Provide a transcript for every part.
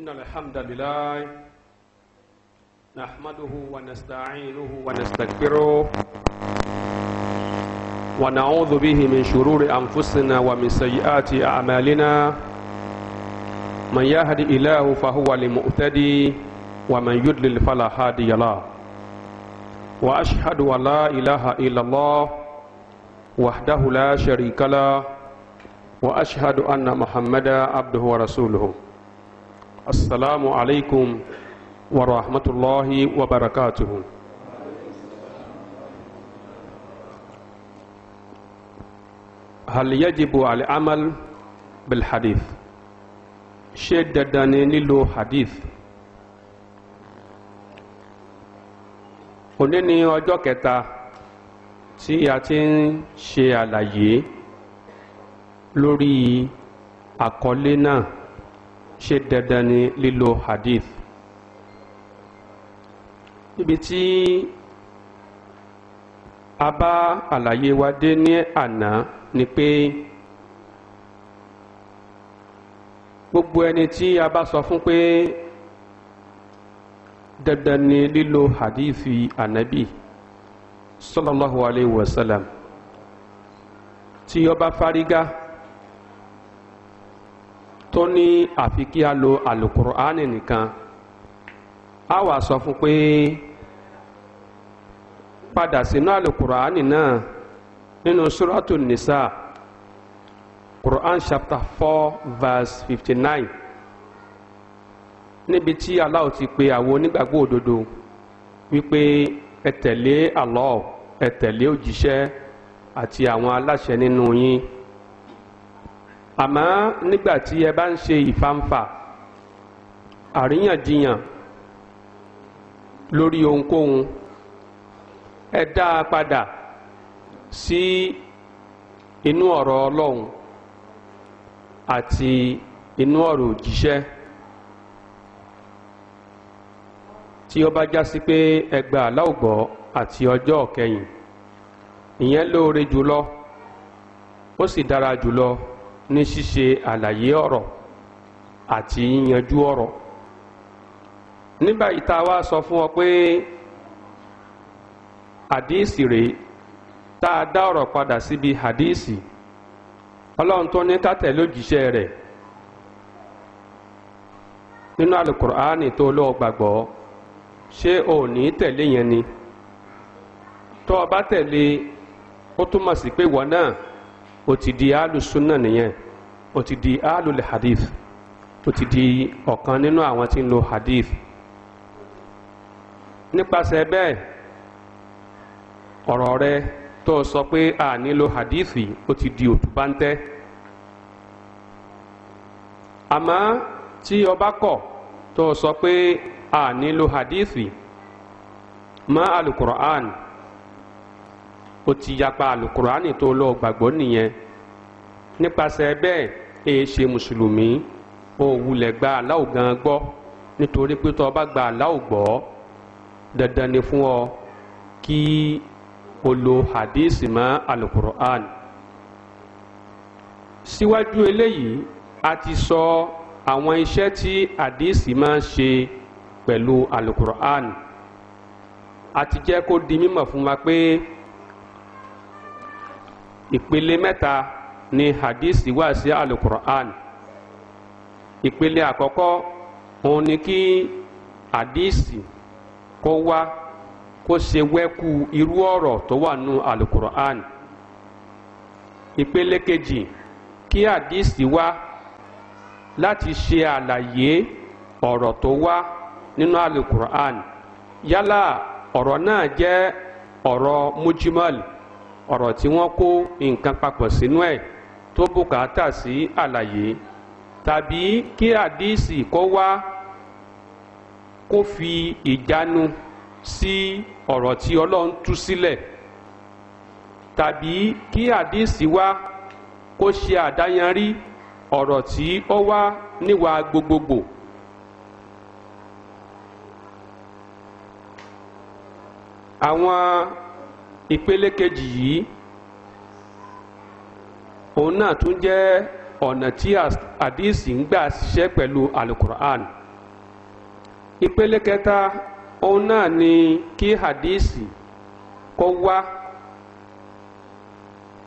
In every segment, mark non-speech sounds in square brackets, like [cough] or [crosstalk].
إن الحمد لله نحمده ونستعينه ونستكبره ونعوذ به من شرور أنفسنا ومن سيئات أعمالنا من يهد إله فهو لمؤتدي ومن يدلل فلا هادي له وأشهد أن لا إله إلا الله وحده لا شريك له وأشهد أن محمدا عبده ورسوله assalamu alaikum wa rahmatullahi wa barakatuhu hal yajibu al'amal bil hadith ṣé dandan ni lílo hadith òní ni ọjọ́ kẹta tí a ti ń ṣe àlàyé lórí àkọlé náà ṣe dandan ni lílo hadith níbi tí a bá àlàyé wa dé ní àná ni pé gbogbo ẹni tí a bá sọ fún pé dandan ni lílo hadithi ànábì sallallahu alayhi wa sallam tí ó fárígá tó ní àfi kí a lo alukur'ani nìkan a wà sọ fún pé padà sínú alukur'ani náà nínú suratu nisa quran chapter four verse fifty nine níbi tí Allah ti pe àwọn onígbàgbọ́ òdodo wípé ẹ tẹ̀lé Allah ẹ tẹ̀lé òjíṣẹ́ àti àwọn aláṣẹ nínú yín àmọ́ nígbà tí ẹ bá ń ṣe ìfàǹfà àríyànjiyàn lórí ohunkóhun ẹ dá a padà sí inú ọ̀rọ̀ Ọlọ́run àti inú ọ̀rọ̀ òjíṣẹ́ tí ó bá já sí pé ẹgbàá láògbọ́ àti ọjọ́ kẹyìn ìyẹn lóore jùlọ ó sì dára jùlọ. ní ṣíṣe àlàyé ọ̀rọ̀ àti yíyanjú ọ̀rọ̀ nígbà ìta wa sọ fún ọ pé àdíìsì rèé tá a dá ọ̀rọ̀ padà síbi àdíìsì ọlọ́run tó ní ká tẹ̀lé òjíṣẹ́ rẹ̀ nínú alukur'ani tó lọ gbàgbọ́ ṣé o ní tẹ̀lé yẹn ni tó o bá tẹ̀lé ó túmọ̀ sí pé wọ́n náà ó ti di alùsùnà nìyẹn ó ti di alùlẹ̀ hadith ó ti di ọ̀kan nínú àwọn tí ń lo hadith nípasẹ̀ bẹ́ẹ̀ ọ̀rọ̀ rẹ tó sọ pé a nílò hadith ó ti di òtúbáńtẹ́ àmọ́ tí ọba kọ̀ tó sọ pé a nílò hadith mọ́ alukur'an ó ti yapa alukurani tó lọ gbàgbọ́ nìyẹn nípasẹ̀ bẹ́ẹ̀ èyí e ṣe mùsùlùmí ó wulẹ̀ gba aláwò gan gbọ́ nítorí pé tó o bá gba aláwò gbọ́ dandan ni fún ọ kí o lo hadisi mọ́ alukurani síwájú eléyìí a ti sọ àwọn iṣẹ́ tí hadisi máa ń ṣe pẹ̀lú alukurani a ti jẹ́ kó di mímọ̀ fún wa pé ìpele mẹ́ta ni hadith wà sí alukur'an ìpele àkọ́kọ́ òun ni kí hadith kó wá kó ṣe wẹ́kú irú ọ̀rọ̀ tó wà nù alukur'an ìpele kejì kí hadith wá láti ṣe àlàyé ọ̀rọ̀ tó wá nínú alukur'an yálà ọ̀rọ̀ náà jẹ́ ọ̀rọ̀ mujimal ọ̀rọ̀ tí wọ́n kó nǹkan papọ̀ sínú ẹ̀ tó bùkátà sí àlàyé tàbí kí àdíìsì kó wá kó fi ìjánu sí ọ̀rọ̀ tí ọlọ́run tú sílẹ̀ tàbí kí àdíìsì wá kó ṣe àdáyanrí ọ̀rọ̀ tí ó wá níwà gbogbogbò. àwọn ìpele kejì yìí òun náà tún jẹ́ ọ̀nà tí àdìsí ń gbà ṣiṣẹ́ pẹ̀lú alukur'an ìpele kẹta òun náà ni kí àdìsí kó wá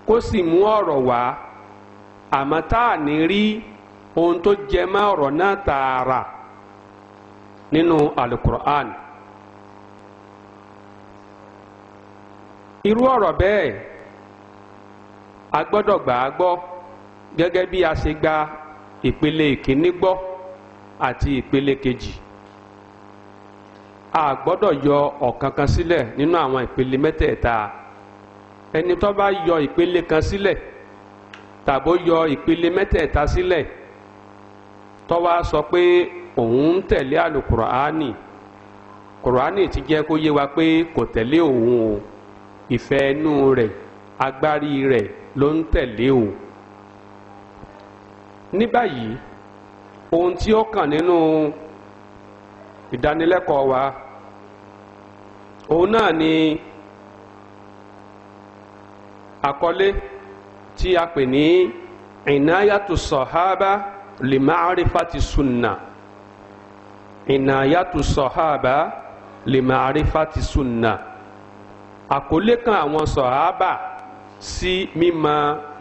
kó sì mú ọ̀rọ̀ wá àmọ́ tá à ní rí ohun tó jẹ mọ́ ọ̀rọ̀ náà tààrà nínú alukur'an. irú ọ̀rọ̀ bẹ́ẹ̀ a gbọ́dọ̀ gbà á gbọ́ gẹ́gẹ́ bí a ṣe gba ìpele ìkíní gbọ́ àti ìpele kejì a gbọ́dọ̀ yọ ọ̀kankan sílẹ̀ nínú àwọn ìpele mẹ́tẹ̀ẹ̀ta ẹni tó bá yọ ìpele kan sílẹ̀ tàbó yọ ìpele mẹ́tẹ̀ẹ̀ta sílẹ̀ tó wá sọ pé òun ń tẹ̀lé àlùkùránì kùránì ti jẹ́ kó yé wa pé kò tẹ̀lé òun o. ìfẹ́ inú rẹ̀ agbárí rẹ̀ ló ń tẹ̀lé o. ní báyìí ohun tí ó kàn nínú ìdánilẹ́kọ̀ọ́ wa òun náà ni àkọlé tí a pè ní ìnáyàtò sọ̀hábà lè máa sunna ìnáyàtò sọ̀hábà lè máa sunna àkọlé kan àwọn sọ̀hábà sí mímọ̀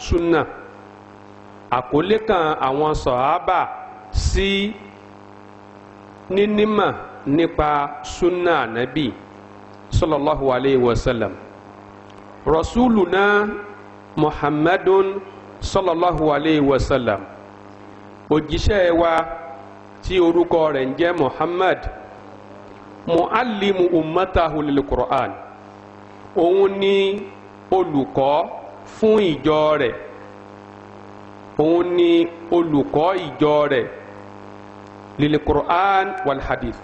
súnà àkọlé kan àwọn sọ̀hábà sí nínímọ̀ nípa súnà ànábì sallallahu alayhi wa sallam rasuluna muhammadun sallallahu alayhi wa sallam òjíṣẹ́ wa tí orúkọ rẹ̀ ń jẹ́ muhammad muallimu ummatahu lil qur'an òun ni olùkọ́ fún ìjọ rẹ̀ òun ni olùkọ́ ìjọ rẹ̀ lil Qur'an wal hadith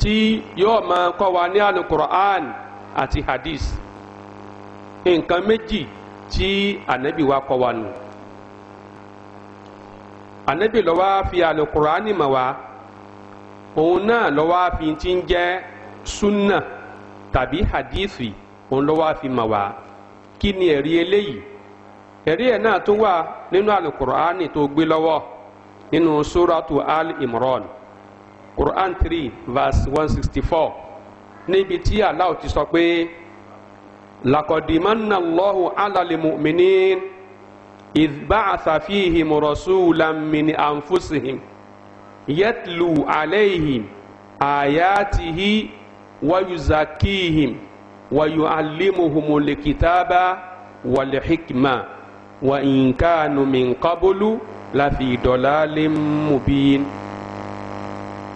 tí yóò máa kọ́ wa ní àlù Qur'an àti hadith nǹkan méjì tí ànábì wa kọ́ wa nù ànábì ló fi àlù Qur'an mọ̀ wá òun náà ló fi ti ń jẹ́ súnà tàbí hadísì òun ló wá fi mà wá kí ni ẹ̀rí eléyìí ẹ̀rí ẹ̀ náà tún wà nínú alukur'ani tó gbé lọ́wọ́ nínú suratu al-imran quran three verse one sixty four níbi tí Allah ti sọ pé lakodimanna Allahu alali mu'minin idba'atha fihim rasulan min anfusihim yatlu alayhim ayatihi. ويزكيهم ويعلمهم الكتاب والحكمة وإن كانوا من قبل لفي ضلال مبين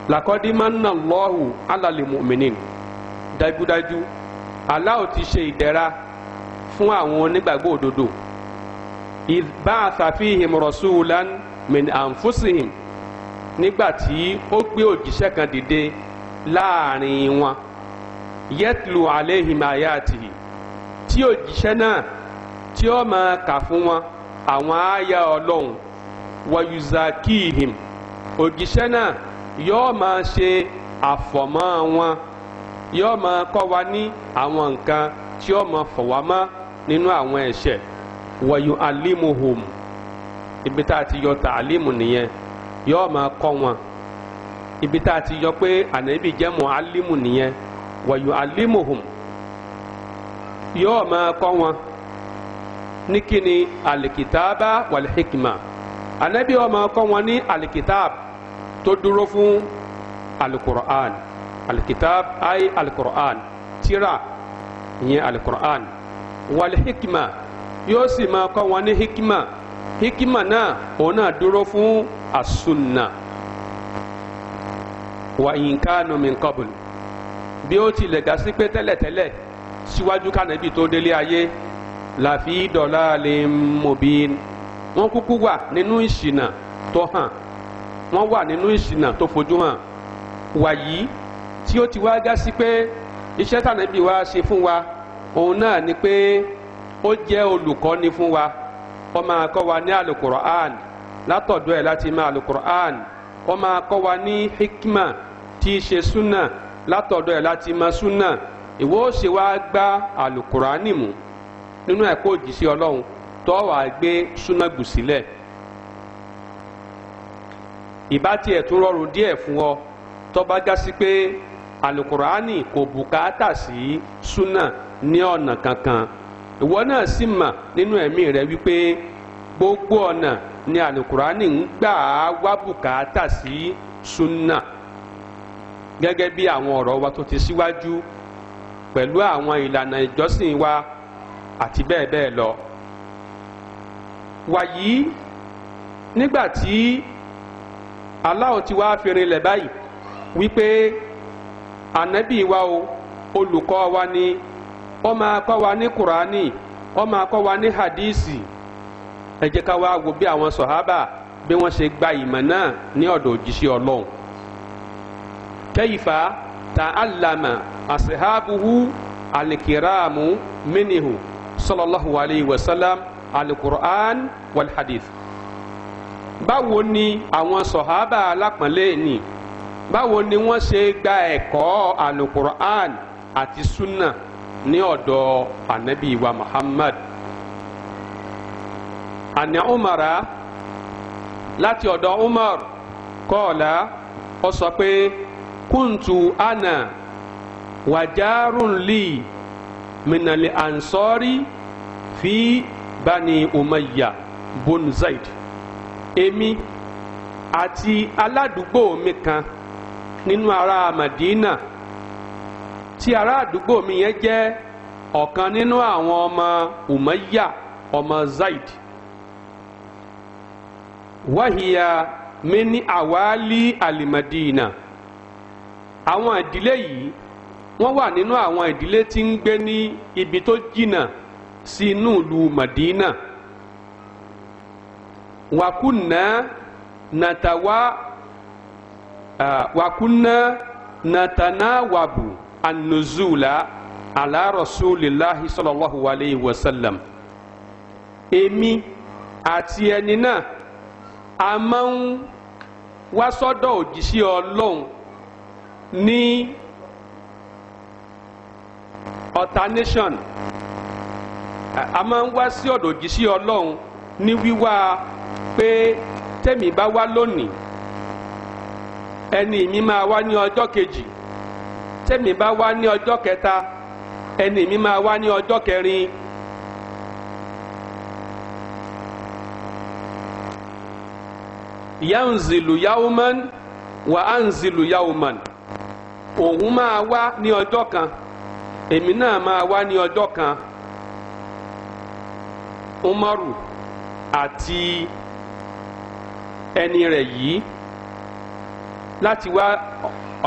لقد من الله على المؤمنين dájúdájú Allah ti ṣe ìdẹ̀ra fún àwọn onígbàgbọ́ òdodo idh ba'atha fihim rasulan min anfusihim nígbà tí ó gbé òjíṣẹ́ kan dìde láàrin wọn. yẹtlu alehim ayatihi tí òjíṣẹ́ náà tí ó máa kà fún wọn àwọn àyà ọlọrun wayuzakihim òjíṣẹ́ náà yóò máa ṣe se wọn yóò máa kọ́ wa ní àwọn nǹkan tí ó máa fọ̀ wá mọ́ nínú àwọn ẹ̀ṣẹ̀ wayu alimuhum ibi tá a ti yọ alimu nìyẹn yóò máa kọ́ wọn ibi tá a ti yọ pé ànábì jẹ́ mu alimu nìyẹn. wàyù alimuhum yóò máa kọ́ wọn ní kíni alikitaaba walhikima anabi yóò máa kọ́ wọn ní alikitaab tó dúró fún alikur'an alikitaab ayi alikur'an tírà ìyẹn alikur'an walhikima yóò sì máa kọ́ wọn ní hikima hikima náà òun náà dúró fún asunna wa in min qablu bí ó tilẹ̀ gà sí pé tẹ́lẹ̀tẹ́lẹ̀ síwájú kánẹ́bì tó délé ayé làfi dọ̀là lè mòbí wọ́n kúkú wà nínú ìṣìnà tó hàn wọ́n wà nínú ìṣìnà tó fojú hàn wàyí tí ó ti wá gá sí pé iṣẹ́ tànẹ́bì wa ṣe fún wa òun náà ni pé ó jẹ́ olùkọ́ni fún wa ó máa kọ́ wa ní alukur'an látọ̀dọ̀ ẹ̀ láti máa alukur'an ó máa kọ́ wa ní hikma tí í ṣe súnà látọ̀dọ̀ ẹ̀ láti mọ súnà ìwọ ó ṣe wá gbá àlùkùránì mú nínú ẹ̀kọ́ òjíṣẹ́ ọlọ́run tó wà gbé súnà gù sílẹ̀ ìbá tiẹ̀ tún rọrùn díẹ̀ fún ọ tó bá já sí pé àlùkùránì kò bùkátà sí súnà ní ọ̀nà kankan ìwọ náà sì mà nínú ẹ̀mí rẹ wípé gbogbo ọ̀nà ni àlùkùránì ń gbà á wá bùkátà sí súnà. Si gẹ́gẹ́ bí àwọn ọ̀rọ̀ wa tó ti síwájú pẹ̀lú àwọn ìlànà ìjọsìn wa àti bẹ́ẹ̀ bẹ́ẹ̀ lọ. wàyí nígbà tí Allah ti wá fi rinlẹ̀ báyìí wípé ànábì wa o olùkọ́ wa ni ó máa kọ́ wa ní kùránì ó máa kọ́ wa ní hadísì ẹ ká wá wo bí àwọn sọ̀hábà bí wọ́n ṣe gba ìmọ̀ náà ní ọ̀dọ̀ òjíṣẹ́ ọlọ́run. كيف تعلم أصحابه الكرام منه صلى الله عليه وسلم القرآن والحديث؟ hadith. báwo ni àwọn sọ̀hábà alápọ̀nlé ni báwo ni wọ́n ṣe gba ẹ̀kọ́ alukur'an àti sunna ní ọ̀dọ̀ anabi wa muhammad àní umara láti ọ̀dọ̀ umar kọ́ọ̀lá ó sọ pé. kuntu ana wajarun li minali ansori fi bani umayya bun zaid ati àti mi kan ninu ara madina ti ara àdúgbò mi yẹn jẹ́ ọ̀kan nínú àwọn ọmọ umayya ọmọ zaid wahiya mini awali alimadina. àwọn ìdílé yìí wọ́n wà nínú àwọn ìdílé tí ń gbé ní ibi tó jìnnà sí inú ìlú Madina wàkúnná nàtàwá wàkúnná nàtànáwàbù ànùzùlà àlá rasulillahi sallallahu alayhi wa sallam èmi àti ẹni náà a máa ń wá sọ́dọ̀ òjíṣẹ́ ọlọ́run ní ọ̀tá nation a máa ń wá sí ọ̀dọ̀ òjíṣẹ́ ọlọ́run ní wíwá pé tẹ̀mí bá wá lónìí ẹni mi máa wá ní ọjọ́ kejì tẹ̀mí bá wá ní ọjọ́ kẹta ẹni mi máa wá ní ọjọ́ kẹrin. yanzilu yauman wa anzilu yauman. òun máa wá ní ọjọ́ kan èmi náà máa wá ní ọjọ́ kan umaru àti ẹni rẹ̀ yìí láti wá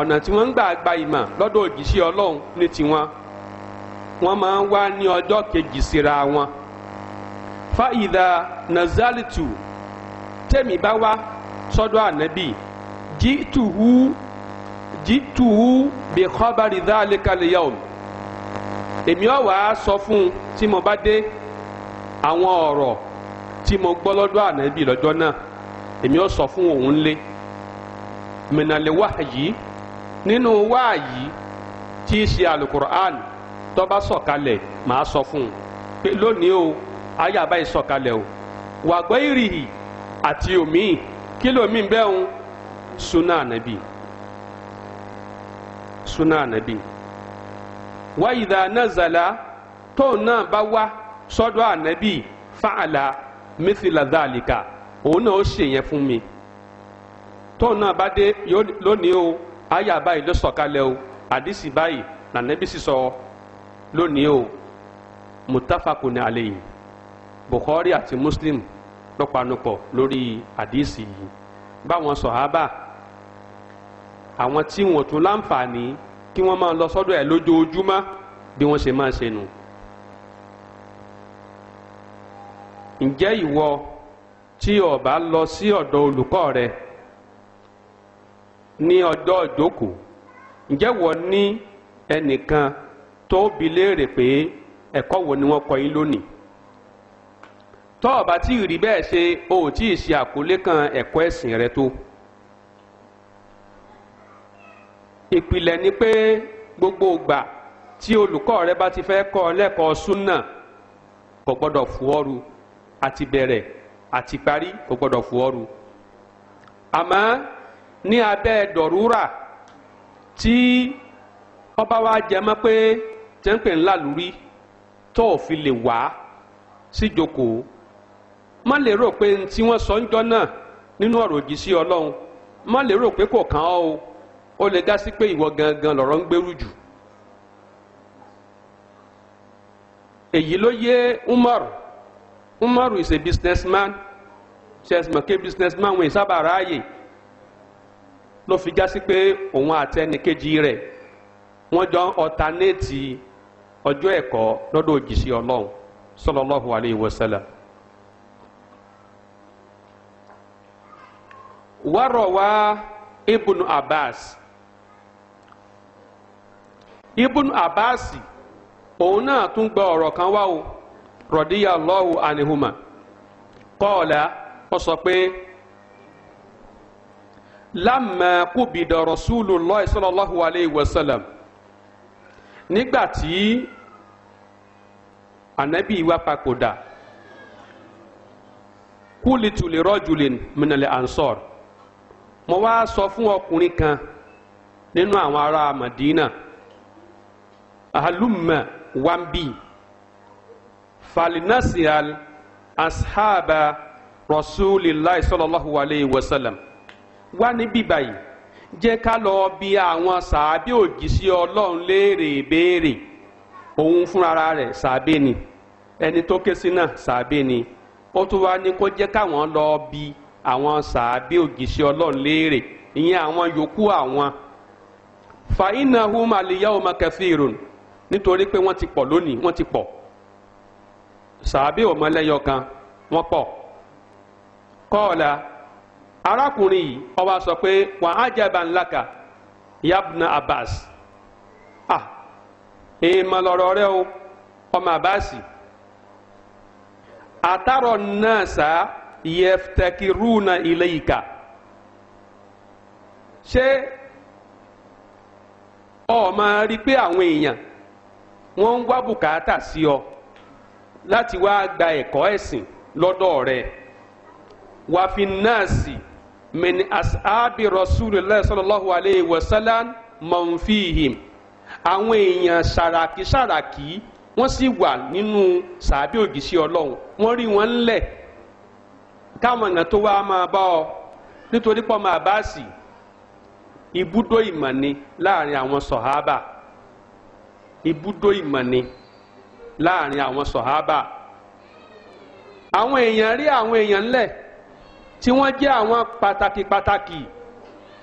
ọ̀nà tí wọ́n ń gbà gba ìmọ̀ lọ́dọ̀ òjíṣẹ́ ọlọ́run ní tiwọn wọ́n máa ń wá ní ọjọ́ kejì síra wọn fa ìdá nazalitu tèmi bá wá sọ́dọ̀ ànábì jí tùhú jituhu bi khabari dhalika al-yawm èmi ọ̀ wá sọ fún un tí mo bá dé àwọn ọ̀rọ̀ tí mo gbọ́ lọ́dọ̀ ànábì lọ́jọ́ náà èmi ọ̀ sọ fún òun lé minale wahyi nínú wahyi tí í ṣe alukur'an tó bá sọ̀kalẹ̀ màá sọ fún un pé lónìí o ayé àbáyé sọ̀kalẹ̀ o wàgbọ́ ìrìhì àti omi kí lómi bẹ́ẹ̀ ń sunnah ànábì súnà ànábì wá ìdá nazala tóun náà bá wá sọ́dọ̀ ànábì fáàlà mithila dhalika òun náà ó ṣe yẹn fún mi tóun náà bá dé lónìí o àyà báyìí ló sọ̀kalẹ̀ o àdìsí báyìí lànàbí sì sọ lónìí o mutafakun alayhi bukhari àti muslim ló panupọ̀ lórí àdìsí báwọn sọ̀hábà àwọn tí wọn tún láǹfààní kí wọ́n máa lọ sọ́dọ̀ ẹ̀ lójoojúmọ́ bí wọ́n ṣe máa ṣe nù. ǹjẹ́ ìwọ tí o lọ sí ọ̀dọ̀ olùkọ́ rẹ ní ọjọ́ ìjókòó ǹjẹ́ wọ́n ní ẹnìkan tó bi léèrè pé ẹ̀kọ́ wo ni wọ́n kọ́ yín lónìí tó o bá tí ì rí bẹ́ẹ̀ ṣe o ò tí ì ṣe àkọlé kan ẹ̀kọ́ ẹ̀sìn rẹ tó. ìpìlẹ̀ ni pé gbogbo ìgbà tí olùkọ́ rẹ bá ti fẹ́ kọ́ ọ lẹ́kọ̀ọ́ súnà kò gbọ́dọ̀ fún ọ́rù àti bẹ̀rẹ̀ àti parí kò gbọ́dọ̀ fún ọ́rù àmọ́ ní abẹ́ dọ̀rúrà tí ọba wa jẹmọ́ pé tẹ́ńpẹ̀ ńlá lórí tó ò fi lè wá síjókòó má lè rò pé tí wọ́n sọ ń jọ náà nínú ọ̀rọ̀ òjì sí ọlọ́run má lè rò pé kò kàn ọ́ o ó lè dá sí pé ìwọ gangan lọ̀rọ̀ ń gbèrú jù èyí ló yé Umar Umar is a businessman ṣẹ́sìmọ̀ ké businessman wọn ìsábà ráàyè ló fi já sí pé òun àti ẹnìkejì rẹ̀ wọ́n jọ ń ọ̀tánẹ́ẹ̀tì ọjọ́ ẹ̀kọ́ lọ́dọ̀ òjìṣẹ́ ọlọ́run sallallahu alayhi wa sallam. wárọ̀ wá ibùnú Abbas ibùn abasi òun náà tún gba ọ̀rọ̀ kan wá o rọ̀díyà lọ́wọ́ ànihùmà kọ́ọ̀lá ó sọ pé lámà kúbìdà rọ̀súlù lọ́ọ̀ sallallahu alayhi wa sallam anabi tí ànábì wa papòdà kúlìtù lè rọ́jùlìn mìnàlẹ̀ ansọ́r mo wá sọ fún ọkùnrin kan nínú àwọn ará Madina halumma wambi falinasial ashaba rasulillahi sallallahu alayhi wa sallam wá níbí báyìí jẹ́ ká lọ bi àwọn sàábí òjíṣẹ́ ọlọ́run léèrè béèrè òun fúnra rẹ̀ sàábé ni ẹni tó ké sí náà sàábé ni ó tún wá ní kó jẹ́ káwọn lọ bi àwọn sàábé òjíṣẹ́ ọlọ́run léèrè ìyẹn àwọn yòókù àwọn fa innahum al yawma kathirun nítorí pé wọ́n ti pọ̀ lónìí wọ́n ti pọ̀ sàábì ọmọlẹ́yọ kan wọ́n pọ̀ kọ́ọ̀la arákùnrin yìí ó sọ pé wà á jẹba ńláka yabna abbas ah èèmọ̀ lọ̀rọ̀ rẹ o ọmọ abasi àtàrọ̀ náà sá yẹftakirúna ilayka ṣé ọmọ rí pé àwọn èèyàn wọ́n ń wá bùkátà sí ọ láti wá gba ẹ̀kọ́ ẹ̀sìn lọ́dọ̀ rẹ̀ wàfin nasi min ashabi rasulillah sallallahu alayhi wa sallam mọ̀nfìhìm àwọn èèyàn sàràkí sàràkí wọ́n sì wà nínú sàbí ògìṣẹ́ ọlọ́run wọ́n rí wọn ńlẹ̀ káwọn èèyàn tó wá máa bá ọ nítorí pọ́ máa bá sí ibùdó ìmọ̀ ni láàrin àwọn sọ̀hábà. So ibùdó ìmọ̀ni láàrin àwọn sọ̀hábà àwọn èèyàn rí àwọn èèyàn ńlẹ̀ tí wọ́n jẹ́ àwọn pàtàkì pàtàkì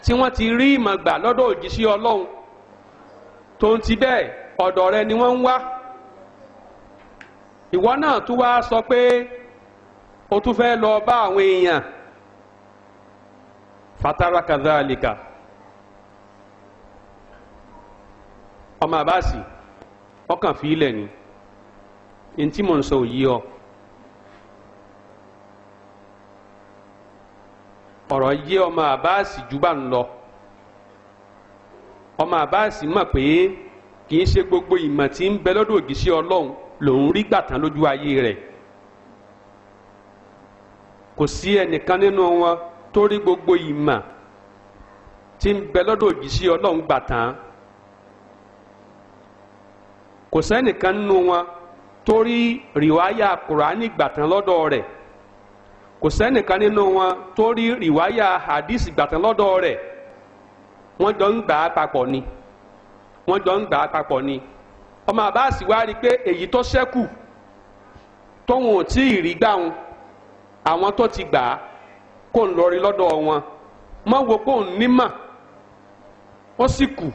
tí wọ́n ti rí ìmọ̀ gbà lọ́dọ̀ òjíṣẹ́ ọlọ́run tó ń ti bẹ́ẹ̀ ọ̀dọ̀ rẹ ni wọ́n ń wá ìwọ náà tún wá sọ pé o tún fẹ́ lọ bá àwọn èèyàn fatara kadhalika ọmọ àbáàsì. ọkàn fi ilẹ̀ ni ntí mò ń sọ òyì ọ ọ̀rọ̀ yé ọmọ àbáàsì jù bá ń lọ ọmọ àbáàsì mọ̀ pé kì í ṣe gbogbo ìmọ̀ tí ń bẹ lọ́dọ̀ ògìṣẹ́ ọlọ́run lòun rí gbàtàn lójú ayé rẹ̀ kò sí ẹnìkan nínú wọn tó rí gbogbo ìmọ̀ tí ń bẹ lọ́dọ̀ ògìṣẹ́ ọlọ́run gbàtàn. kò sẹ́nìkan nínú wọn torí rìwáyà kùránì gbàtàn lọ́dọ̀ rẹ̀ kò sẹ́nìkan nínú wọn torí rìwáyà hadith gbàtàn lọ́dọ̀ rẹ̀ wọ́n jọ ń gbà á papọ̀ ni wọ́n jọ ń gbà á papọ̀ ni ọmọ àbáàsì wá rí i pé èyí tó ṣẹ́kù tóun ò tí ì rí gbà wọn àwọn tó ti gbà á kó ń lọ rí lọ́dọ̀ wọn mọ́ wo kó ń nímọ̀ ó sì kù.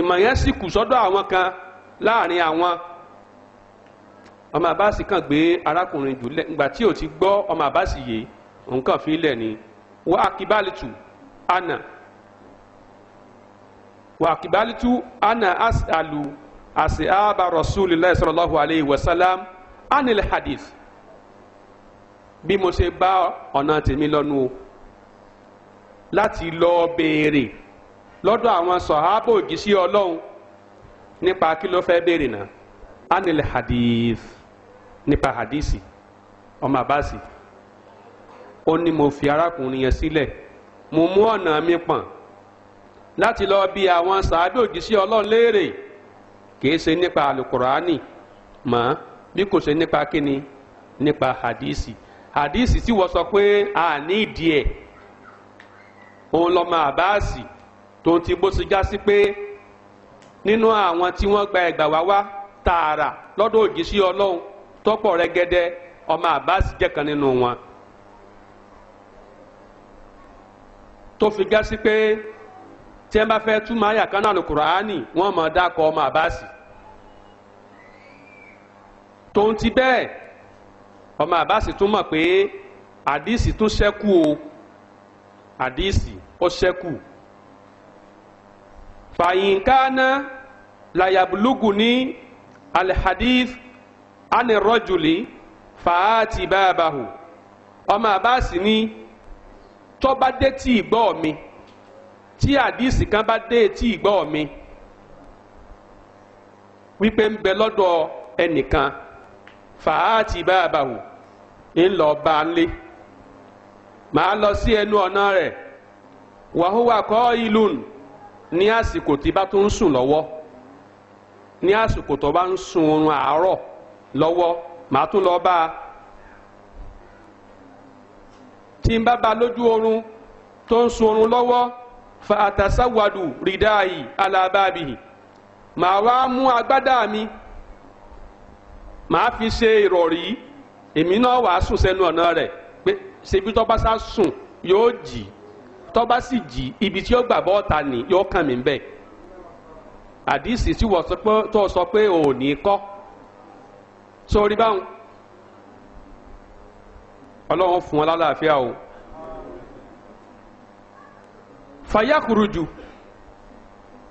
ìmọ̀ yẹn sì kù sọ́dọ̀ àwọn kan láàrin àwọn ọmọ àbáàsì kan gbé arákùnrin jù lẹ ńgbà tí ò ti gbọ́ ọmọ àbáàsì yìí òun fi lẹ̀ ni wà akíbálítù ana wà akíbálítù ana asalu asiaba rasulillah sallallahu alayhi wa salam anil hadith bí mo ṣe bá ọ̀nà tèmi lọ́nu o láti lọ béèrè. lọ́dọ̀ àwọn sọ̀hábò òjísí ọlọ́run nípa kí ló fẹ́ bèèrè náà anil hadith nípa hadisi ọmọ àbáàsì ó ní mo fi arákùnrin yẹn sílẹ̀ mo mú ọ̀nà mi pọ̀n láti lọ bí àwọn sàábì òjísí ọlọ́run léèrè kìí ṣe nípa alukurani mọ́ bí kò ṣe nípa kíni nípa hadisi hadisi tí wọ́n sọ pé tó ti bó ti já sí pé nínú àwọn tí wọ́n gba ẹ̀gbà wá wá tààrà lọ́dọ̀ òjíṣẹ́ ọlọ́run tọ́pọ̀ rẹ́gẹ́dẹ́ ọmọ Abbas jẹ́ kan nínú wọn. tó fi já sí pé tí wọ́n bá fẹ́ túmọ̀ àyà kan Kùránì wọ́n mọ̀ dákọ̀ ọmọ Abbas. tóun ti bẹ́ẹ̀ ọmọ Abbas tún mọ̀ pé àdìsí tún ṣẹ́kù o àdìsí ó ṣẹ́kù fayinkana layabuluguni alihadith ani rọjuli fàáti báàbáhù ọmọ abáàsì ni tó bá dé tí ìgbọ́ mi tí àdìsí kan bá dé tí ìgbọ́ mi wípé ń bẹ lọ́dọ̀ ẹnìkan fàáti báàbáhù ńlọ bá lé màá lọ sí ẹnu ọ̀nà rẹ̀ wàhùwà kọ́ ìlú nù ní àsìkò tí bá tó ń sùn lọ́wọ́ ní àsìkò tó bá ń sun oorun àárọ̀ lọ́wọ́ màá tún lọ bá a tí n bá ba lójú oorun tó ń sun oorun lọ́wọ́ fa àtàsáwádù rìdáàyì alábàbí màá wá mú agbádá mi màá fi ṣe ìrọ̀rí èmi náà wàá sùn sẹ́nu ọ̀nà rẹ̀ pé ṣebí tó bá sá sùn yóò jì í tọ́ba sì jí ibi tí ó gbà bọ́ ọ̀tá ni yóò kàn mí bẹ́ẹ̀ àdìsí tí wọ́n tó sọ pé ò ní kọ́ sórí báwọn ọlọ́run fún ọ lálàáfíà o fayakuruju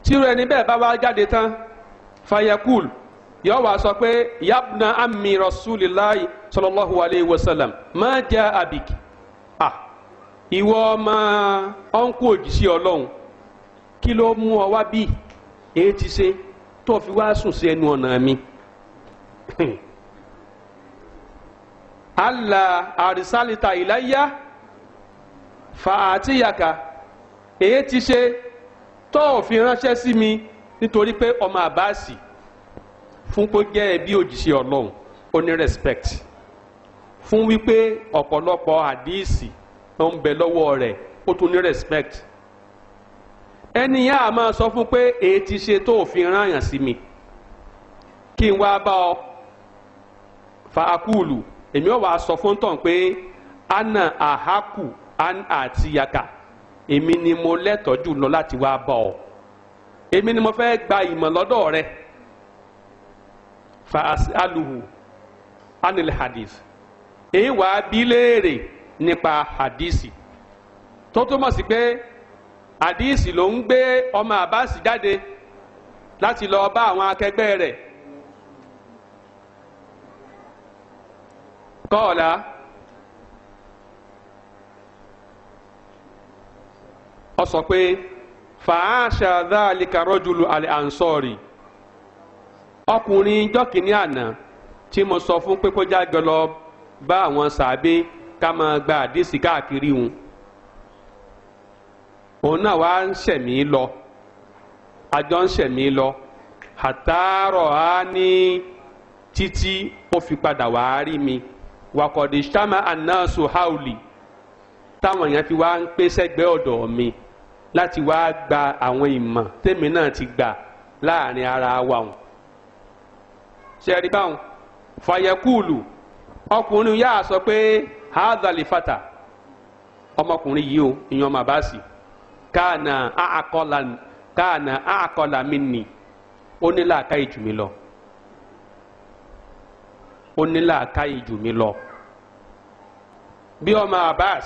tíru ẹni bẹ́ẹ̀ bá wá jáde tán fayakul yóò wá sọ pé yabna ammi rasulillahi sallallahu alayhi wa sallam má jẹ́ abiki ìwọ ọmọ ọ̀nkú òjíṣẹ́ ọlọ́run kí ló mú ọ wá bí èyí ti ṣe tó fi wá sùn sí ẹnu ọ̀nà mi. [laughs] alla àrísálítà ìláyà fa àtìyàkà èyí ti ṣe tó fi ránṣẹ́ sí mi nítorí pé ọmọ àbáàsì fún pé jẹ́ ẹbí òjíṣẹ́ ọlọ́run ó ní respect fún wípé ọ̀pọ̀lọpọ̀ àdíìsì Ọ ń bẹ lọ́wọ́ rẹ̀ ó tún ní respect ẹni yá a máa sọ fún pé èyí ti ṣe tó òfin ráyàn sí mi kí n wá bá ọ fa akúlù èmi ò wá sọ fún tàn pé ana ahaku an àti yaka èmi ni mo lẹ́tọ̀ọ́ jù lọ láti wá bá ọ èmi ni mo fẹ́ gba ìmọ̀ lọ́dọ̀ rẹ fa aluhu anil hadith èyí wàá bí léèrè. nípa hadisi tó túmọ̀ sí pé hadisi ló ń gbé ọmọ Abbas jáde láti lọ bá àwọn akẹgbẹ́ rẹ̀ kọ́ọ̀lá ó sọ pé fàáṣà dhalika rajulu al-ansori ọkùnrin jọ́kìnní àná tí mo sọ fún pé kó jágọ lọ bá àwọn sàbẹ́ ká máa gba àdéhìsì káàkiri òun òun náà wá ń ṣẹ̀mí lọ àjọ ń ṣẹ̀mí lọ àtàárọ̀ á ní títí ó fi padà wá rí mi wàkọ̀dé ṣáma ànáṣù haúlì táwọn èèyàn fi wá ń pé mi láti wá gba àwọn ìmọ̀ tèmi náà ti gbà láàrin ara wa wọn. ṣe é rí báwọn fàyẹ̀kúùlù hadhalifata ọmọkùnrin yìí o ìyẹn ọmọ àbáàsì káànà àkọlà káànà àkọlà mi nì ó ní làákàyè jù mí lọ ó ní làákàyè jù mí lọ bí ọmọ abbas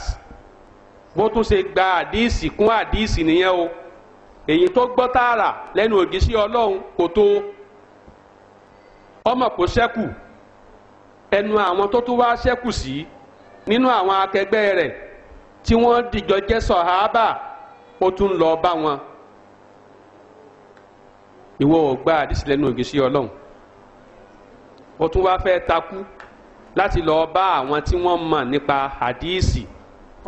bó tún ṣe gba àdíìsì kún àdíìsì nìyẹn o èyí tó gbọ́ tààrà lẹ́nu òjíṣẹ́ ọlọ́run kò tó ọmọ kò ṣẹ́kù ẹnu àwọn tó tún wá ṣẹ́kù sí nínú àwọn akẹgbẹ́ rẹ̀ tí wọ́n dìjọ jẹ́ sọ̀háábà ó tún lọ bá wọn ìwọ ò gba àdìsí lẹ́nu ògìsí ọlọ́run ó tún wá fẹ́ takú láti lọ bá àwọn tí wọ́n mọ̀ nípa àdìsí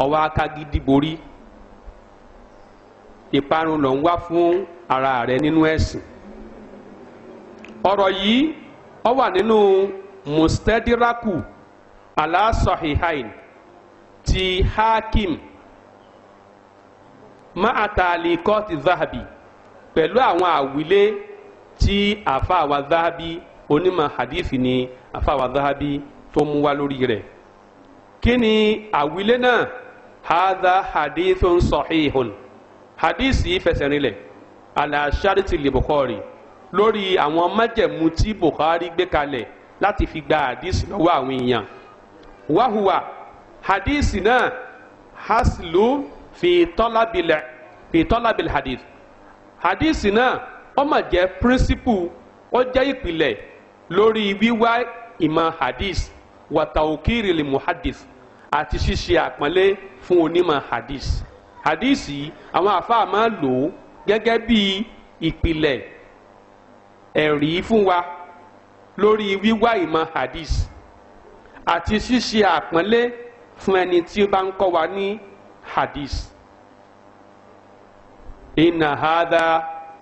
ọwọ́ akágídíborí ìparun ló ń wá fún ara rẹ nínú ẹ̀sìn ọ̀rọ̀ yìí ó wà nínú mustadiraku alasahihain ti hakim maatali kọ́ọ̀tì zahabi pẹ̀lú àwọn àwílé tí àfàwà zahabi onima hadithi ni àfàwà zahabi tó mú wá lórí rẹ̀ kí ni àwílé náà hadha hadithun sahihun hadithi fẹsẹ̀ rinlẹ̀ alashariti li bukhari lórí àwọn májẹ̀mú tí bukhari gbé kalẹ̀ láti fi gba hadith lọ́wọ́ àwọn èèyàn wahuwa hadisi náà haslu fi tọ́lábìlẹ̀ fi tọ́lábìlẹ̀ hadith hadisi náà ó mà jẹ́ píríncípù ó jẹ́ ìpìlẹ̀ lórí wíwá ìmọ̀ hadith wàtàókìrì lè muhadith àti ṣíṣe àpọ́nlé fún onímọ̀ hadith hadith yìí àwọn àfáà máa lò ó gẹ́gẹ́ bí àti ṣíṣe àpọ́nlé fún ẹni tí ó bá ń kọ́ wa ní hadith inna hadha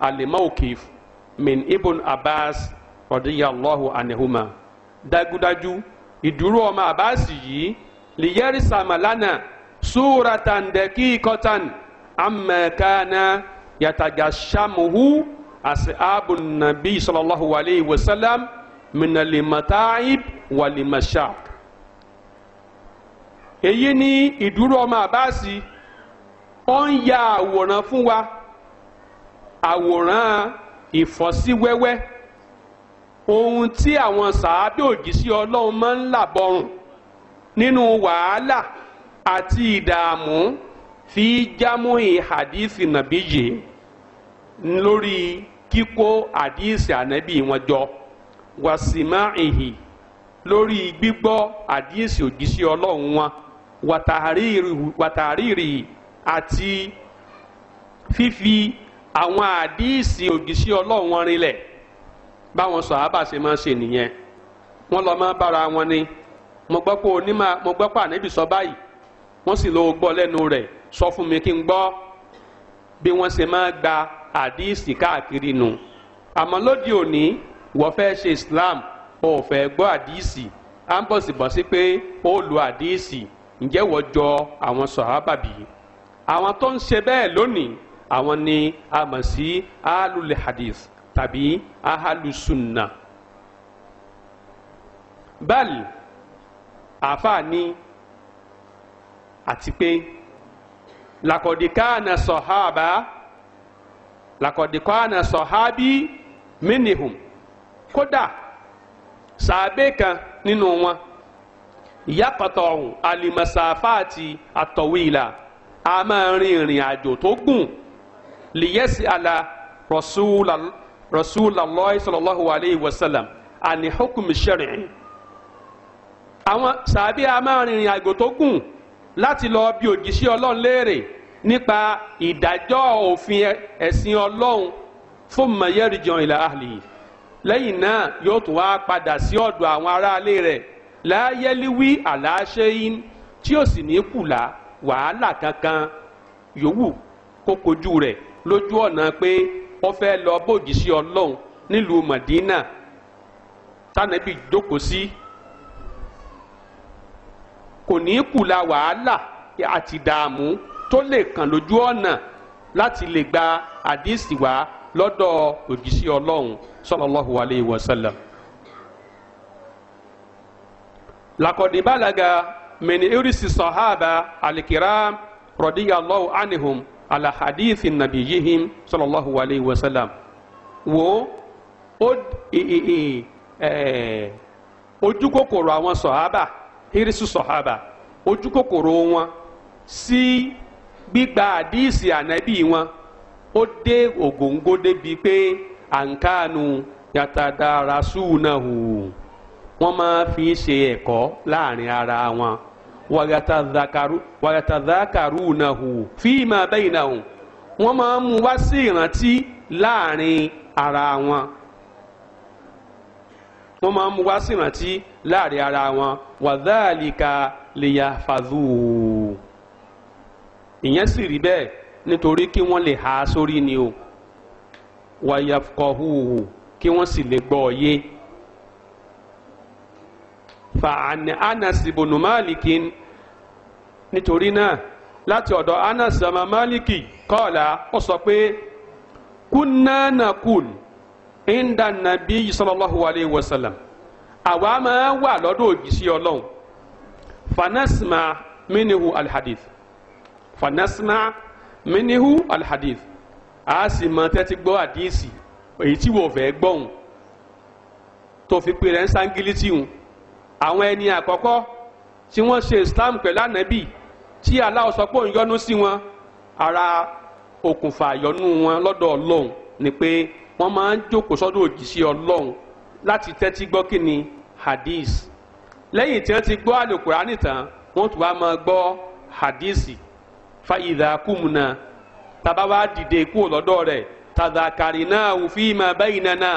alimawkif min ibn abbas radiyallahu anihuma dagudaju ìdúró ọmọ abbas yìí lìyẹ́rì sàmàlánà súratan dẹ́kíkọ́tàn amẹ́kánná yàtàgà sàmùhù asaabu nabi sallallahu alayhi wa sallam minalimata'ib walimashaak èyí ní ìdúró ọmọ àbáàsì ó ń ya àwòrán fún wa àwòrán ìfọ́síwẹ́wẹ́ ohun tí àwọn sàábé òjíṣẹ́ ọlọ́run máa ń là bọrùn nínú wàhálà àti ìdààmú fi jámúhì hadisi nàbíyè lórí kíkó hadisi ànábì wọn jọ wàsímáìhì lórí gbígbọ́ hadisi òjíṣẹ́ ọlọ́run wọn wàtàrírì àti fífi àwọn àdíìsì ògìṣẹ́ ọlọ́run wọn rinlẹ̀ báwọn sọ̀hábà ṣe máa ń ṣe nìyẹn wọ́n lọ máa bára wọn ni mo gbọ́ pé onímọ̀ mo gbọ́ pé ànábì sọ báyìí wọ́n sì lọ gbọ́ lẹ́nu rẹ̀ sọ fún mi kí n gbọ́ bí wọ́n ṣe máa gba àdíìsì káàkiri nù àmọ́ lóde òní wọ́n fẹ́ ṣe Islam ò fẹ́ gbọ́ àdíìsì à ń bọ̀ sí bọ̀ sí pé ó lu àdíìsì ǹjẹ́ wọ́n jọ àwọn sọ̀hábà bí àwọn tó ń ṣe bẹ́ẹ̀ lónìí àwọn ni a mọ̀ sí ahlul hadith tàbí ahlus sunnah bal àáfàá ni àti pé lakodikana sọ̀hábà lakodikana sọ̀hábì minihum kódà sàbẹ̀ kan nínú wọn yàkọ̀tọ̀ alimasafaati atọ̀wìlà a máa rin ìrìn àjò tó gùn lìyẹ́sì àlà rasulallah sallallahu alayhi wa sallam àní hukumi shari'i àwọn sàbí a máa rin ìrìn àjò tó gùn láti lọ bí òjíṣẹ́ ọlọ́run léèrè nípa ìdájọ́ òfin ẹ̀sìn ọlọ́run fún mayẹ́rìjọ́ ìlà àhìlì lẹ́yìn náà yóò tún wá padà sí ọ̀dọ̀ àwọn aráalé rẹ̀ láyẹ́líwí àláṣẹ́yìn tí ò sì ní kùlà wàhálà kankan yòówù kó kojú rẹ̀ lójú ọ̀nà pé ó fẹ́ lọ bójì sí ọlọ́run nílùú Mọ̀dínà tánàbí jókòó sí kò ní kùlà wàhálà àti dààmú tó lè kàn lójú ọ̀nà láti lè gba àdìsí wá lọ́dọ̀ òjìṣẹ́ ọlọ́run sallallahu alayhi wa lakọdi balaga mini irisi sahaba alikiram rọdiyallahu anihum ala hadithi nabiyihim sallallahu alayhi wa sallam wo o ẹẹ ojúkòkòrò àwọn sọhábà irisi sọhábà ojúkòkòrò wọn sí gbígba àdíìsì ànábì wọn ó dé ògóńgó débi pé àǹkánu yàtàdàrà súnà hù wọ́n máa fi ṣe ẹ̀kọ́ láàrin ara wọn wàgàtàdàkàrú nàhù fíìmà bẹ́yìn nàhù wọ́n máa mú wá sí ìrántí láàrin ara wọn wọ́n máa mú wá sí ìrántí láàrin ara wọn wàdáàlìkà lèyà fàdú ìyẹn sì rí bẹ́ẹ̀ nítorí kí wọ́n lè há sórí ni o wàyàfọ̀hù kí wọ́n sì lè gbọ́ ọ yé fàánì anas ibùnú máàlìkì nítorí náà láti ọ̀dọ̀ anas ọmọ máàlìkì kọ́ọ̀lá ó sọ pé kúnnánàkùn ìndà nàbí sallallahu alayhi wa sallam àwa máa wà lọ́dọ̀ òjíṣẹ́ ọlọ́run fanasma minihu alhadith fanasma minihu alhadith a sì mọ tẹ́tí gbọ́ àdíyèsí èyí tí wọ́n fẹ́ gbọ́hùn tó fi pè ń sángílítì hùn àwọn ẹni àkọ́kọ́ tí wọ́n ṣe Islam pẹ̀lú ànábì tí Allah sọ pé òun yọ́nú sí wọn ara okùnfà yọ́nú wọn lọ́dọ̀ Ọlọ́run ni pé wọ́n máa ń jókòó sọ́dọ̀ òjìṣẹ́ Ọlọ́run láti tẹ́tí gbọ́ kí ni hadith lẹ́yìn tí wọ́n ti gbọ́ àlùkùránì tán wọ́n tún wá máa gbọ́ hadith fa ìdá kùmùnà tàbá wá dìde kúrò lọ́dọ̀ rẹ̀ tàdàkàrì náà òfin máa bẹ́yìn náà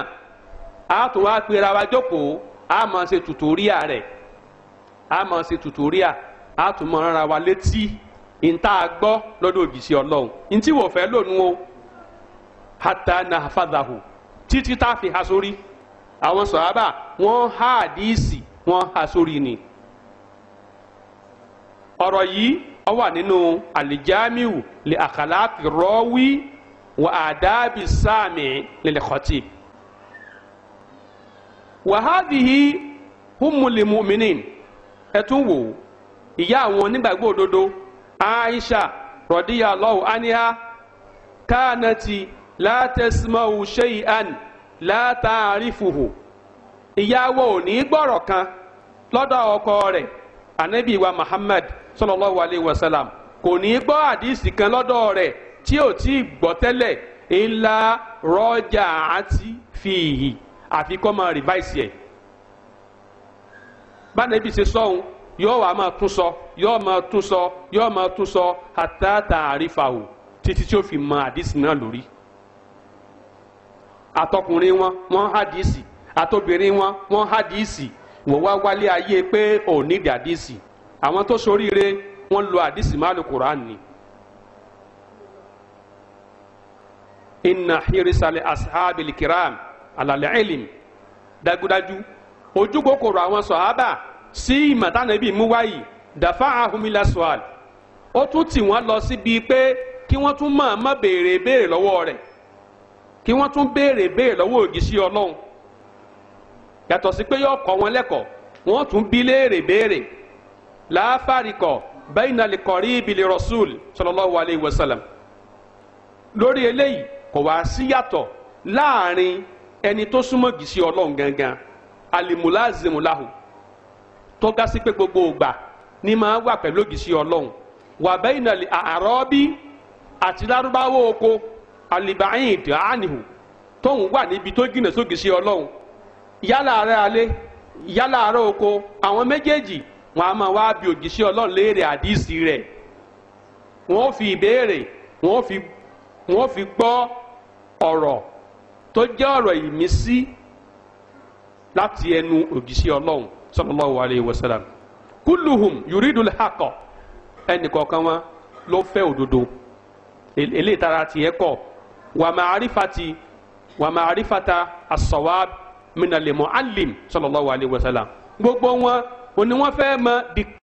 a tún pera wa jókòó a máa ṣe tutoria rẹ̀ a máa ṣe tutoria a tún máa rárá wa létí ìta gbọ́ lọ́dọ̀ òjìṣẹ́ ọlọ́run ntí wò fẹ́ lónú o hata na fadahu títí tá a fi ha sórí àwọn sọ̀rọ̀bà wọ́n há àdíìsì wọ́n há sórí ni ọ̀rọ̀ yìí ó wà nínú alijamiu lè àkàlà àti rọ́wí wà àdábì sáàmì lè lè kọ́tì wàhádìí humulimuminin ẹtún wò ìyá àwọn onígbàgbọ́ òdodo aisha rọ̀díyà lọ́wọ́ aníhá káànàtì látẹ̀símọ́wù ṣéyíán látàárífùhù ìyàwó ò ní gbọ́rọ̀ kan lọ́dọ̀ ọkọ rẹ̀ ànábì wa muhammad sallallahu alayhi wa sallam kò ní gbọ́ àdìsí kan lọ́dọ̀ rẹ̀ tí ò tí gbọ́ tẹ́lẹ̀ ńlá rọ́jà àti fìhì àfi kọ́ máa rìváìsì ẹ̀ bánẹ́bí ṣe sọ́hun yóò wá máa tún sọ yóò máa tún sọ yóò máa tún sọ àtàtà àrífàwò títí tí ó fi mọ àdísì náà lórí àtọkùnrin wọn wọn hádìsì àtobìnrin wọn wọn hádìsì wọ́n wá wálé ayé pé ò nídìí àdísì àwọn tó soríire wọ́n lo àdísì máa lo Kùránì ni. inna hirisale ashabil kiram àlàlẹ́ ẹ̀lìm dájúdájú ojú kòkòrò àwọn sọ̀hábà sí ìmọ̀tánẹ́bí mú wáyì dàfà ahumila sual ó tún tì wọ́n lọ síbi pé kí wọ́n tún máa má béèrè béèrè lọ́wọ́ rẹ̀ kí wọ́n tún béèrè béèrè lọ́wọ́ ògìsí ọlọ́run yàtọ̀ sí pé yóò kọ́ wọn lẹ́kọ̀ọ́ wọ́n tún bí léèrè béèrè láfàríkọ̀ bẹ́yìn náà lè rasul sallallahu alayhi wa sallam lórí eléyìí kò wá síyàtọ̀ láàrin ẹni tó súnmọ́ gìsí ọlọ́run gangan alimulazimu lahu tó ga sí pé gbogbo ògbà ní máa wà pẹ̀lú gìsí ọlọ́run wà bẹ́yìn àrọ́bí àti lárúbáwò oko alibahin dàánìhù tóun wà níbi tó jìnnà sógìsí ọlọ́run yálà ara alẹ́ yálà ara oko àwọn méjèèjì wọn a máa wá bi ògìsí ọlọ́run léèrè àdìsí rẹ̀ wọn ò fi ìbéèrè wọn ò fi gbọ́ ọ̀rọ̀ tó jẹ́ ọ̀rọ̀ ìmísí láti ẹnu òjíṣẹ́ ọlọ́run sallallahu alayhi wa sallam kulluhum yuridul haqqa ẹnì kọ̀ọ̀kan wọn ló fẹ́ òdodo eléyìí tara tiẹ̀ kọ̀ wa ma'rifati wa ma'rifata as-sawab minal mu'allim sallallahu alayhi wa sallam gbogbo wọn òní wọn fẹ́ mọ